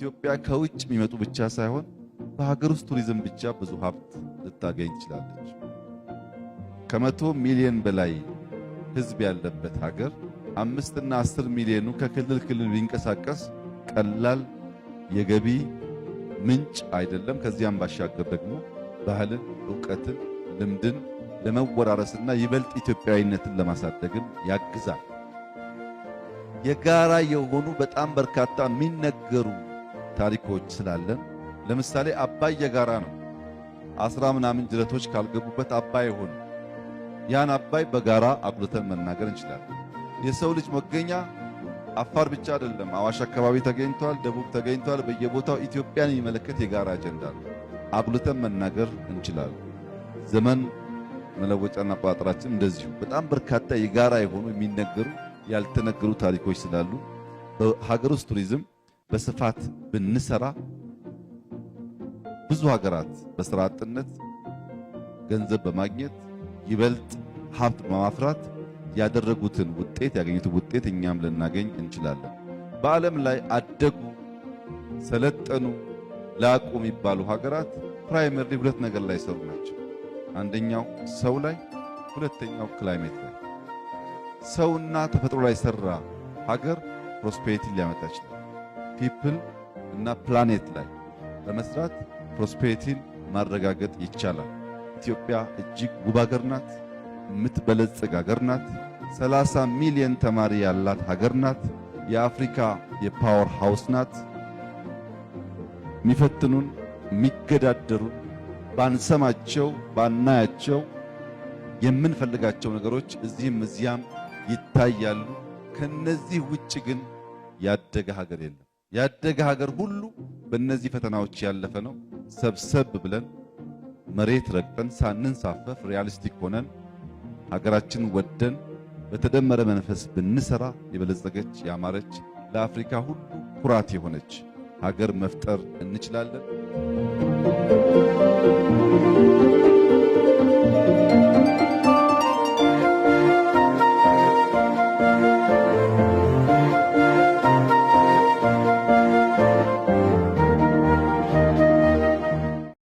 ኢትዮጵያ ከውጭ የሚመጡ ብቻ ሳይሆን በሀገር ውስጥ ቱሪዝም ብቻ ብዙ ሀብት ልታገኝ ትችላለች። ከመቶ ሚሊዮን በላይ ህዝብ ያለበት ሀገር አምስትና አስር ሚሊዮኑ ከክልል ክልል ቢንቀሳቀስ ቀላል የገቢ ምንጭ አይደለም። ከዚያም ባሻገር ደግሞ ባህልን፣ እውቀትን፣ ልምድን ለመወራረስና ይበልጥ ኢትዮጵያዊነትን ለማሳደግም ያግዛል። የጋራ የሆኑ በጣም በርካታ የሚነገሩ ታሪኮች ስላለን ለምሳሌ አባይ የጋራ ነው። አስራ ምናምን ጅረቶች ካልገቡበት አባይ አይሆንም። ያን አባይ በጋራ አጉልተን መናገር እንችላለን። የሰው ልጅ መገኛ አፋር ብቻ አይደለም። አዋሽ አካባቢ ተገኝቷል፣ ደቡብ ተገኝቷል። በየቦታው ኢትዮጵያን የሚመለከት የጋራ አጀንዳ ነው። አጉልተን መናገር እንችላለን። ዘመን መለወጫና አቆጣጠራችን እንደዚሁ በጣም በርካታ የጋራ የሆኑ የሚነገሩ ያልተነገሩ ታሪኮች ስላሉ በሀገር ውስጥ ቱሪዝም በስፋት ብንሰራ ብዙ ሀገራት በስራ አጥነት ገንዘብ በማግኘት ይበልጥ ሀብት በማፍራት ያደረጉትን ውጤት ያገኙትን ውጤት እኛም ልናገኝ እንችላለን። በዓለም ላይ አደጉ፣ ሰለጠኑ፣ ላቁ የሚባሉ ሀገራት ፕራይመሪ ሁለት ነገር ላይ ሰሩ ናቸው። አንደኛው ሰው ላይ፣ ሁለተኛው ክላይሜት ላይ። ሰውና ተፈጥሮ ላይ ሰራ ሀገር ፕሮስፔሪቲ ሊያመጣ ይችላል። ፒፕል እና ፕላኔት ላይ በመስራት ፕሮስፔሪቲን ማረጋገጥ ይቻላል። ኢትዮጵያ እጅግ ውብ ሀገር ናት። የምትበለጽግ ሀገር ናት። 30 ሚሊዮን ተማሪ ያላት ሀገር ናት። የአፍሪካ የፓወር ሃውስ ናት። የሚፈትኑን የሚገዳደሩን ባንሰማቸው ባናያቸው የምንፈልጋቸው ነገሮች እዚህም እዚያም ይታያሉ። ከነዚህ ውጭ ግን ያደገ ሀገር የለም። ያደገ ሀገር ሁሉ በእነዚህ ፈተናዎች ያለፈ ነው። ሰብሰብ ብለን መሬት ረግጠን ሳንንሳፈፍ ሪያሊስቲክ ሆነን ሀገራችን ወደን በተደመረ መንፈስ ብንሰራ የበለጸገች ያማረች ለአፍሪካ ሁሉ ኩራት የሆነች ሀገር መፍጠር እንችላለን።